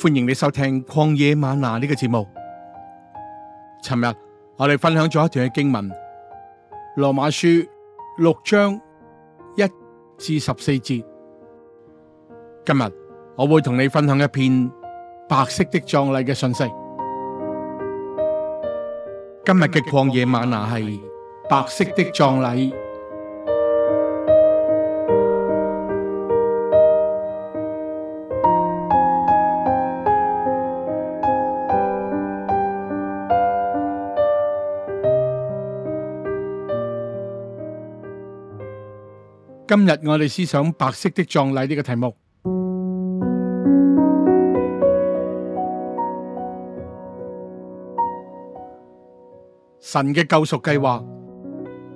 歡迎你收聽曠野嗎哪呢個節目。尋日我哋分享咗一段嘅經文，羅馬書六章一至十四節。今日我會同你分享一篇白色的葬禮嘅信息。今日嘅曠野嗎哪係白色的葬禮。今日我哋思想白色的葬禮呢個題目。神嘅救贖計劃，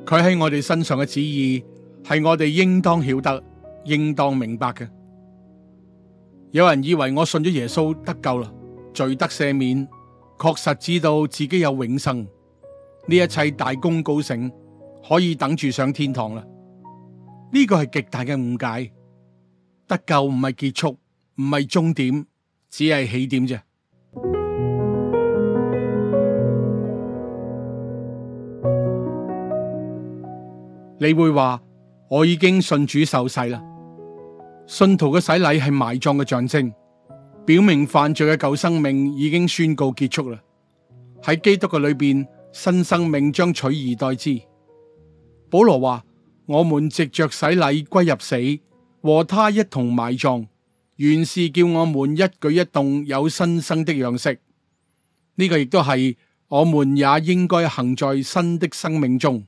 佢喺我哋身上嘅旨意，係我哋應當曉得、應當明白嘅。有人以為我信咗耶穌得救啦，罪得赦免，確實知道自己有永生，呢一切大功告成，可以等住上天堂啦。呢個係極大嘅誤解，得救唔係結束，唔係終點，只係起點啫。 你會話，我已經信主受洗啦。信徒嘅洗禮係埋葬嘅象徵，表明犯罪嘅舊生命已經宣告結束啦。喺基督嘅裏邊，新生命將取而代之。保羅話：我們藉着洗禮歸入死，和他一同埋葬，原是叫我們一舉一動有新生的樣式。呢、這個亦都係我們也應該行在新的生命中，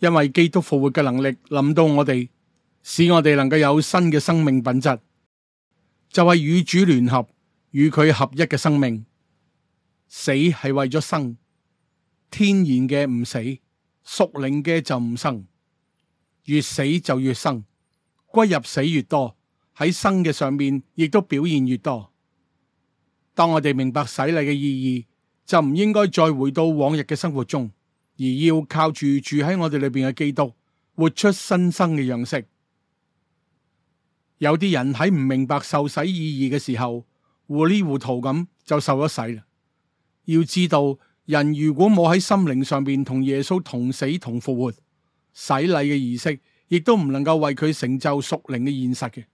因為基督復活嘅能力臨到我哋，使我哋能夠有新嘅生命品質，就係、是、與主聯合，與佢合一嘅生命。死係為咗生，天然嘅唔死，屬靈嘅就唔生。越死就越生，歸入死越多，喺生嘅上面亦都表現越多。當我哋明白洗禮嘅意義，就唔應該再回到往日嘅生活中，而要靠住住喺我哋裏邊嘅基督，活出新生嘅樣式。有啲人喺唔明白受洗意義嘅時候，糊裏糊塗咁就受咗洗啦。要知道，人如果冇喺心靈上面同耶穌同死同復活。洗禮嘅儀式，亦都唔能夠為佢成就屬靈嘅現實嘅。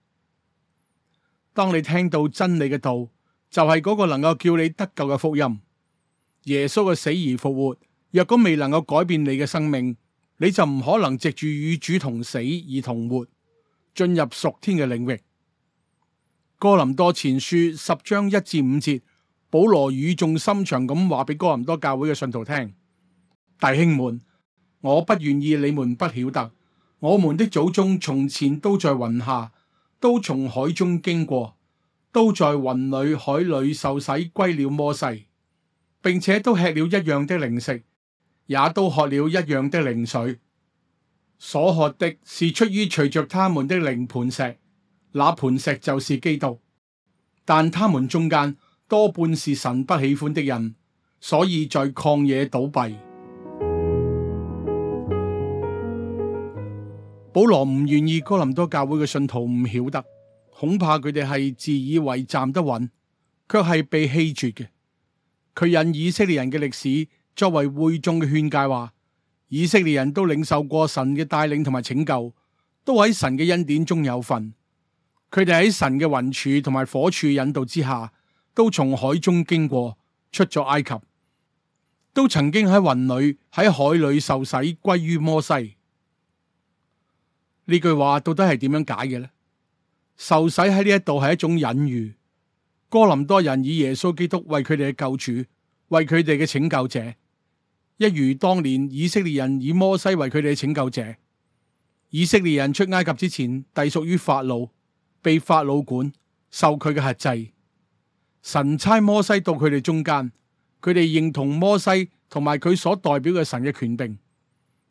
當你聽到真理嘅道，就係嗰個能夠叫你得救嘅福音。耶穌嘅死而復活，若果未能夠改變你嘅生命，你就唔可能藉住與主同死而同活，進入屬天嘅領域。哥林多前書十章一至五節，保羅語重心長咁話俾哥林多教會嘅信徒聽：弟兄們。我不願意你們不曉得，我們的祖宗從前都在雲下，都從海中經過，都在雲裏海裏受洗歸了摩西，並且都吃了一樣的靈食，也都喝了一樣的靈水。所喝的是出於隨着他們的靈磐石，那磐石就是基督。但他們中間多半是神不喜歡的人，所以在曠野倒閉。保羅唔願意哥林多教會嘅信徒唔曉得，恐怕佢哋係自以為站得穩，卻係被棄絕嘅。佢引以色列人嘅歷史作為會眾嘅勸誡，話以色列人都領受過神嘅帶領同埋拯救，都喺神嘅恩典中有份。佢哋喺神嘅雲柱同埋火柱引導之下，都從海中經過，出咗埃及，都曾經喺雲裏喺海裏受洗歸於摩西。呢句話到底係點樣解嘅呢？受洗喺呢一度係一種隱喻。哥林多人以耶穌基督為佢哋嘅救主，為佢哋嘅拯救者，一如當年以色列人以摩西為佢哋嘅拯救者。以色列人出埃及之前，隸屬於法老，被法老管，受佢嘅轄制。神差摩西到佢哋中間，佢哋認同摩西同埋佢所代表嘅神嘅權柄，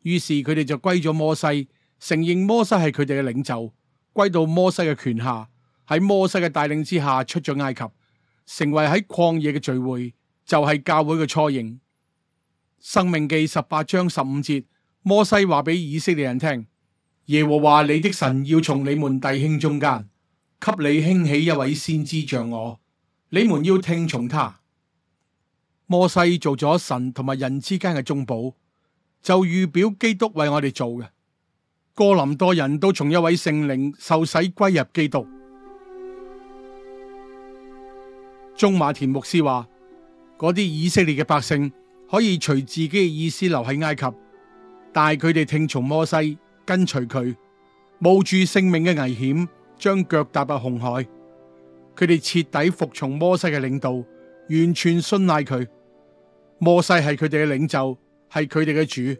於是佢哋就歸咗摩西。承認摩西係佢哋嘅領袖，歸到摩西嘅權下，喺摩西嘅帶領之下出咗埃及，成為喺曠野嘅聚會，就係、是、教會嘅雛形。申命記十八章十五節，摩西話俾以色列人聽：耶和華你的神要從你們弟兄中間，給你興起一位先知像我，你們要聽從他。摩西做咗神同埋人之間嘅中保，就預表基督為我哋做嘅。哥林多人都從一位聖靈受洗歸入基督。鍾馬田牧師話：嗰啲以色列嘅百姓可以隨自己嘅意思留喺埃及，但係佢哋聽從摩西，跟隨佢，冒住性命嘅危險，將腳踏入紅海。佢哋徹底服從摩西嘅領導，完全信賴佢。摩西係佢哋嘅領袖，係佢哋嘅主。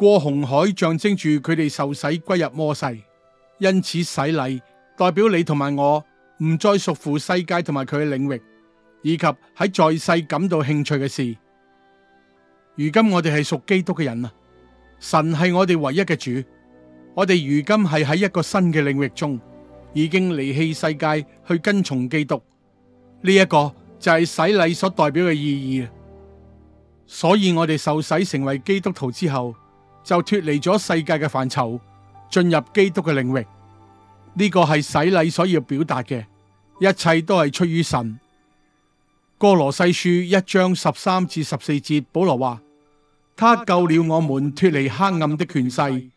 過紅海象徵住佢哋受洗歸入摩西，因此洗禮代表你同埋我唔再屬乎世界同埋佢嘅領域，以及喺在，在世感到興趣嘅事。如今我哋係屬基督嘅人啊，神係我哋唯一嘅主。我哋如今係喺一個新嘅領域中，已經離棄世界去跟從基督。呢、這、一個就係洗禮所代表嘅意義。所以我哋受洗成為基督徒之後。就脱離咗世界嘅範疇，進入基督嘅領域。呢個係洗禮所要表達嘅，一切都係出於神。哥羅西書一章十三至十四節，保羅話：他救了我們脱離黑暗的權勢，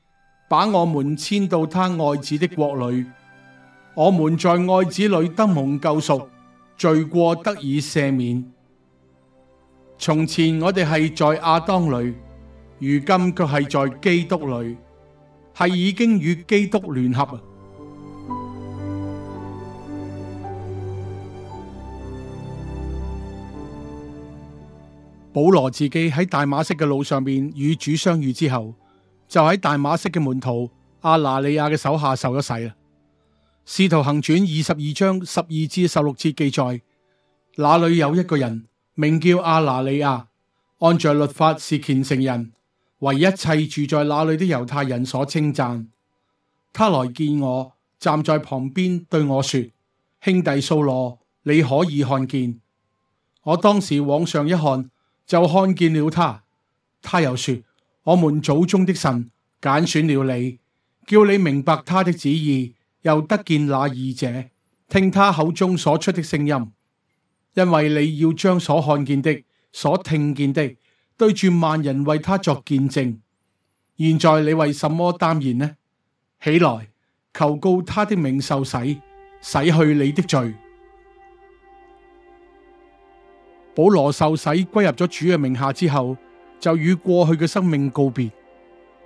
把我們遷到他愛子的國裏。我們在愛子裏得蒙救贖，罪過得以赦免。從前我哋係在亞當裏。如今佢係在基督裏，係已經與基督聯合。保羅自己喺大馬色嘅路上面與主相遇之後，就喺大馬色嘅門徒阿拿里亞嘅手下受咗洗啦。使徒行傳二十二章十二至十六節記載，那裏有一個人名叫阿拿里亞，按着律法是虔誠人。為一切住在那裏的猶太人所稱讚。他來見我，站在旁邊對我說：兄弟掃羅，你可以看見。我當時往上一看，就看見了他。他又說：我們祖宗的神揀選了你，叫你明白他的旨意，又得見那義者，聽他口中所出的聲音，因為你要將所看見的、所聽見的。對住萬人為他作見證，現在你為什麼耽延呢？起來求告他的名受洗，洗去你的罪。保羅受洗歸入咗主嘅名下之後，就與過去嘅生命告別。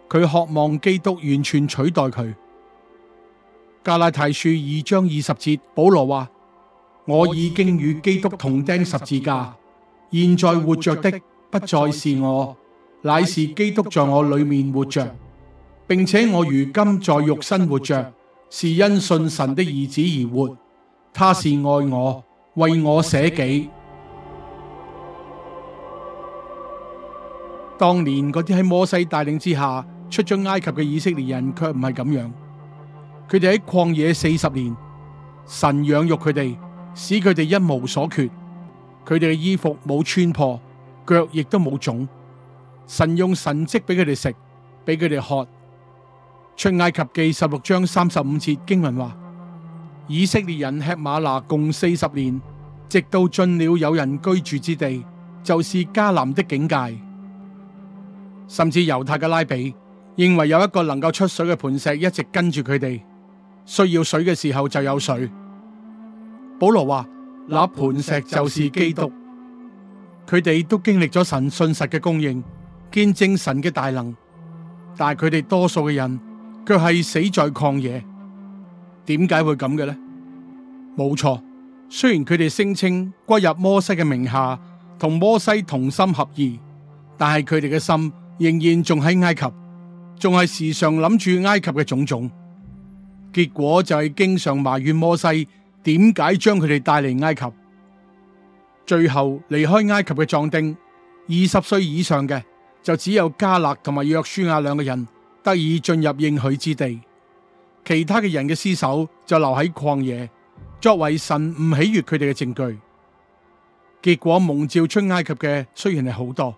佢渴望基督完全取代佢。加拉太書二章二十節，保羅話：我已經與基督同釘十字架，現在活着的。不再是我，乃是基督在我裏面活着，並且我如今在肉身活着，是因信神的兒子而活。他是愛我，為我捨己。 當年嗰啲喺摩西帶領之下出咗埃及嘅以色列人，卻唔係咁樣。佢哋喺曠野四十年，神養育佢哋，使佢哋一無所缺。佢哋嘅衣服冇穿破。腳亦都冇腫，神用神蹟俾佢哋食，俾佢哋喝。出埃及記十六章三十五節經文話：以色列人吃嗎哪共四十年，直到進了有人居住之地，就是迦南的境界。甚至猶太嘅拉比認為有一個能夠出水嘅磐石，一直跟住佢哋，需要水嘅時候就有水。保羅話：那磐石就是基督。佢哋都經歷咗神信實嘅供應，見證神嘅大能。但係佢哋多數嘅人，卻係死在曠野。點解會咁嘅呢？冇錯，雖然佢哋聲稱歸入摩西嘅名下，同摩西同心合意，但係佢哋嘅心仍然仲喺埃及，仲係時常諗住埃及嘅種種。結果就係經常埋怨摩西，點解將佢哋帶嚟埃及？最後離開埃及嘅壯丁，二十歲以上嘅就只有加勒同埋約書亞兩個人得以進入應許之地，其他嘅人嘅屍首就留喺曠野，作為神唔喜悦佢哋嘅證據。結果蒙召出埃及嘅雖然係好多，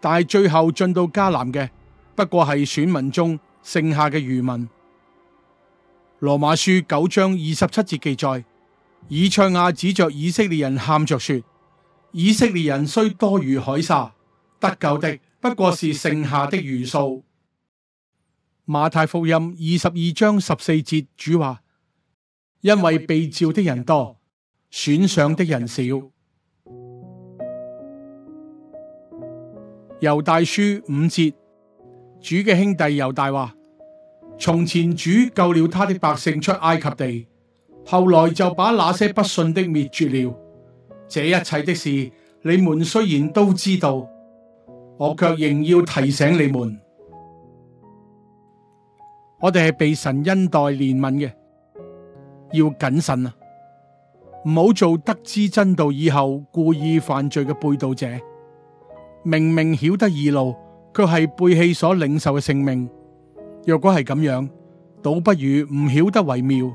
但係最後進到迦南嘅不過係選民中剩下嘅餘民。羅馬書九章二十七節記載，以賽亞指着以色列人喊着說。以色列人雖多如海沙，得救的不過是剩下的餘數。馬太福音二十二章十四節，主話：因為被召的人多，選上的人少。猶大書五節，主嘅兄弟猶大話：從前主救了他的百姓出埃及地，後來就把那些不信的滅絕了。這一切的事，你們雖然都知道，我卻仍要提醒你們。我哋係被神恩待憐憫嘅，要謹慎啊，唔好做得知真道以後故意犯罪嘅背道者。明明曉得義路，卻係背棄所領受嘅性命。若果係咁樣，倒不如唔曉得為妙。呢、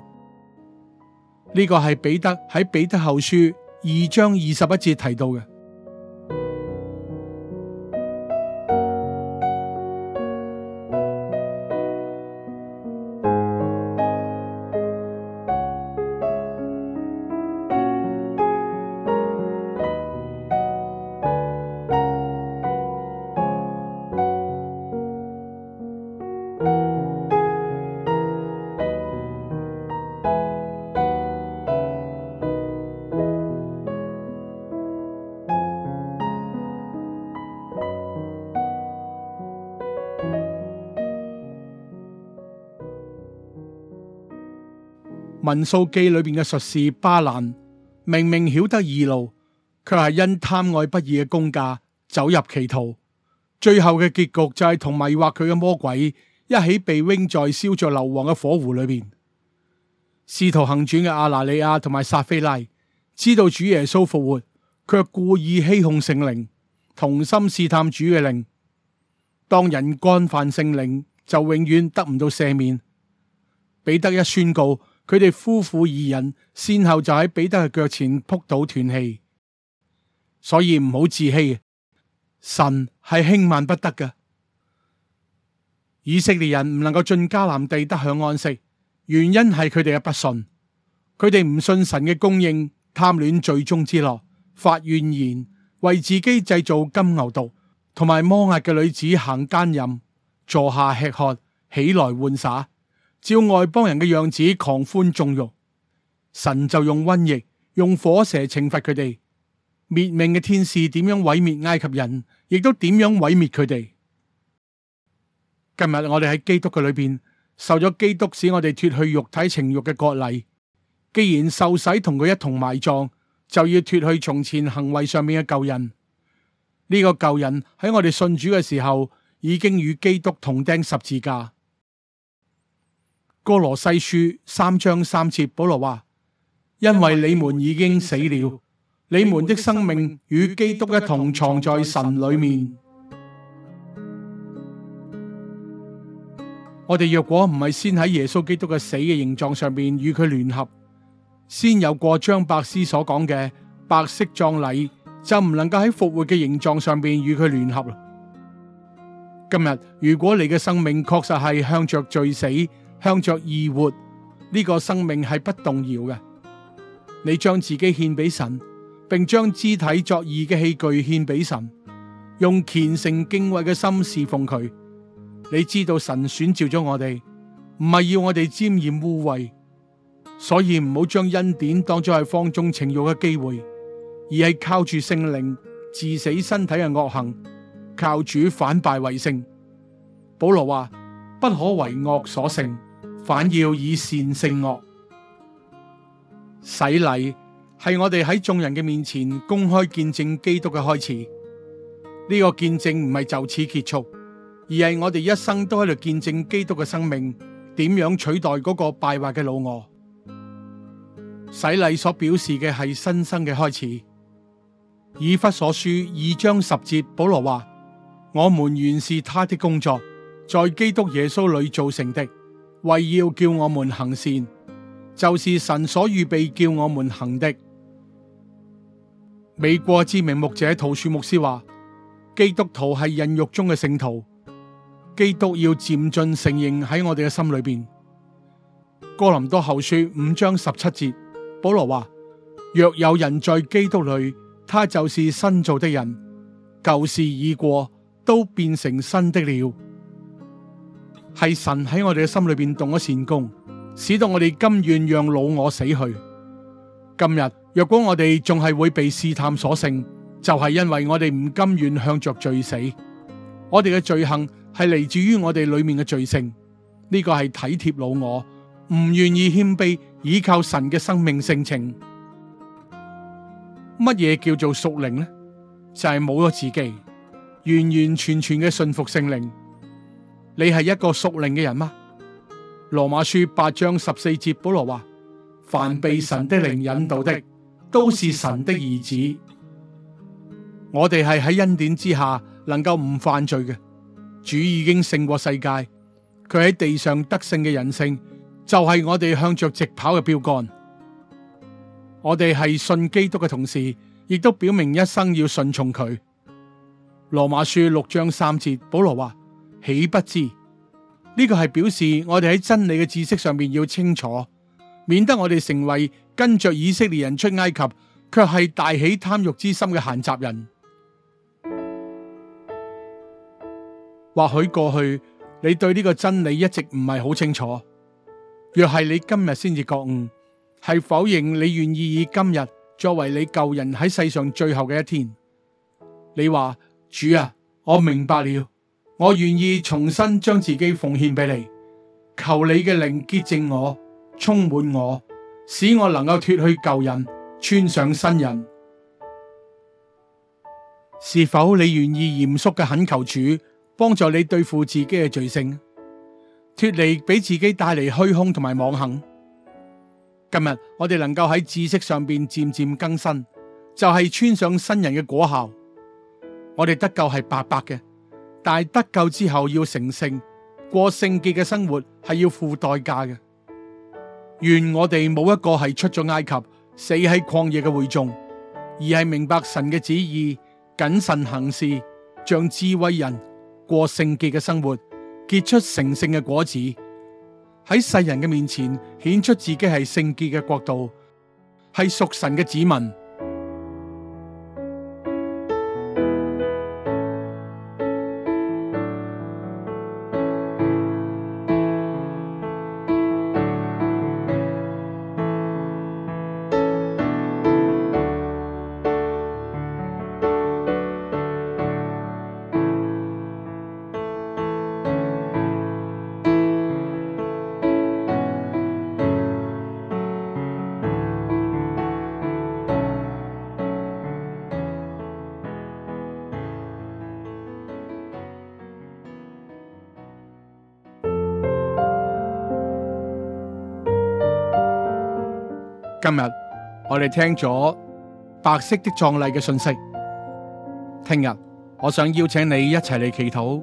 這個係彼得喺彼得後書二章二十一節提到嘅。民數記裏面嘅術士巴蘭，明明曉得義路，卻係因貪愛不義嘅工價走入歧途，最後嘅結局就係同迷惑佢嘅魔鬼一起被扔在燒着硫磺嘅火湖裏面。使徒行傳嘅亞拿尼亞同埋撒非喇，知道主耶穌復活，卻故意欺哄聖靈，同心試探主嘅靈。當人干犯聖靈，就永遠得唔到赦免。彼得一宣告。佢哋夫婦二人先後就喺彼得嘅腳前扑倒斷氣，所以唔好自欺。神係輕慢不得噶。以色列人唔能夠進迦南地得享安息，原因係佢哋嘅不信。佢哋唔信神嘅供應，貪戀罪中之樂，發怨言，為自己製造金牛犢，同埋摩押嘅女子行奸淫，坐下吃喝，起來玩耍，照外邦人嘅樣子狂歡縱慾，神就用瘟疫、用火蛇懲罰佢哋。滅命嘅天使點樣毀滅埃及人，亦都點樣毀滅佢哋。今日我哋喺基督嘅裏邊受咗基督，使我哋脫去肉體情慾嘅割禮。既然受洗同佢一同埋葬，就要脫去從前行為上面嘅舊人。呢、這個舊人喺我哋信主嘅時候已經與基督同釘十字架。哥羅西書三章三節，保羅話：因為你們已經死了，你們的生命與基督一同藏在神裡面。裡面我哋若果唔係先喺耶穌基督嘅死嘅形狀上邊與佢聯合，先有過張伯斯所講嘅白色葬禮，就唔能夠喺復活嘅形狀上邊與佢聯合啦。今日如果你嘅生命確實係向着罪死，向着義活，呢個生命係不動搖嘅。你將自己獻俾神，並將肢體作義嘅器具獻俾神，用虔誠敬，敬畏嘅心侍奉佢。你知道神選召咗我哋，唔係要我哋沾染污穢，所以唔好將恩典當咗係放縱情慾嘅機會，而係靠住聖靈治死身體嘅惡行，靠主反敗為勝。保羅話：不可為惡所勝。反要以善勝惡。洗禮係我哋喺眾人嘅面前公開見證基督嘅開始。呢個見證唔係就此結束，而係我哋一生都喺度見證基督嘅生命，點樣取代嗰個敗壞嘅老我。洗禮所表示嘅係新生嘅開始。以弗所書二章十節，保羅話：「我們原是他的工作，在基督耶穌裏造成的。為要叫我們行善，就是神所預備叫我們行的。美國知名牧者陶恕牧師話：基督徒係孕育中嘅聖徒，基督要漸進承認喺我哋嘅心裏邊。哥林多後書五章十七節，保羅話：若有人在基督裏，他就是新造的人，舊事已過，都變成新的了。係神喺我哋嘅心裏邊動咗善功，使到我哋甘願讓老我死去。今日若果我哋仲係會被試探所勝，就係、是、因為我哋唔甘願向着罪死。我哋嘅罪行係嚟自於我哋裏面嘅罪性，呢、這個係體貼老我，唔願意謙卑倚靠神嘅生命性情。乜嘢叫做屬靈呢？就係冇咗自己，完完全全嘅信服聖靈。你係一個屬靈嘅人嗎？羅馬書八章十四節保羅話：凡被神的靈引導的，都是神的兒子。我哋係喺恩典之下，能夠唔犯罪嘅。主已經勝過世界，佢喺地上得勝嘅人性，就係我哋向着直跑嘅標杆。我哋係信基督嘅同時，亦都表明一生要順從佢。羅馬書六章三節保羅話：豈不知呢個係表示我哋喺真理嘅知識上面要清楚，免得我哋成為跟着以色列人出埃及，卻係大起貪慾之心嘅閒雜人。或許過去你對呢個真理一直唔係好清楚，若係你今日先至覺悟，係否認你願意以今日作為你救人喺世上最後嘅一天，你話，主啊，我明白了。我願意重新將自己奉獻俾你，求你嘅靈潔淨我，充滿我，使我能夠脫去舊人，穿上新人。是否你願意嚴肅嘅懇求主，幫助你對付自己嘅罪性，脫離俾自己帶嚟虛空同埋妄行？今日我哋能夠喺知識上面漸漸更新，就係穿上新人嘅果效。我哋得救係白白嘅。但得救之後要成聖，過聖潔嘅生活係要付代價嘅。願我哋冇一個係出咗埃及死喺曠野嘅會眾，而係明白神嘅旨意，謹慎行事，像智慧人過聖潔嘅生活，結出成聖嘅果子，喺世人嘅面前顯出自己係聖潔嘅國度，係屬神嘅子民。今日我哋聽咗白色的葬禮嘅信息，聽日我想邀請你一齊嚟祈禱，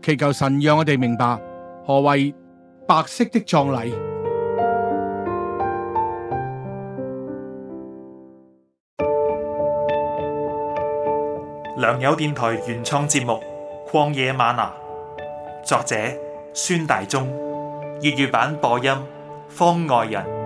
祈求神讓我哋明白何謂白色的葬禮。良友電台原創節目《曠野嗎哪》，作者孫大中，粵語版播音方外人。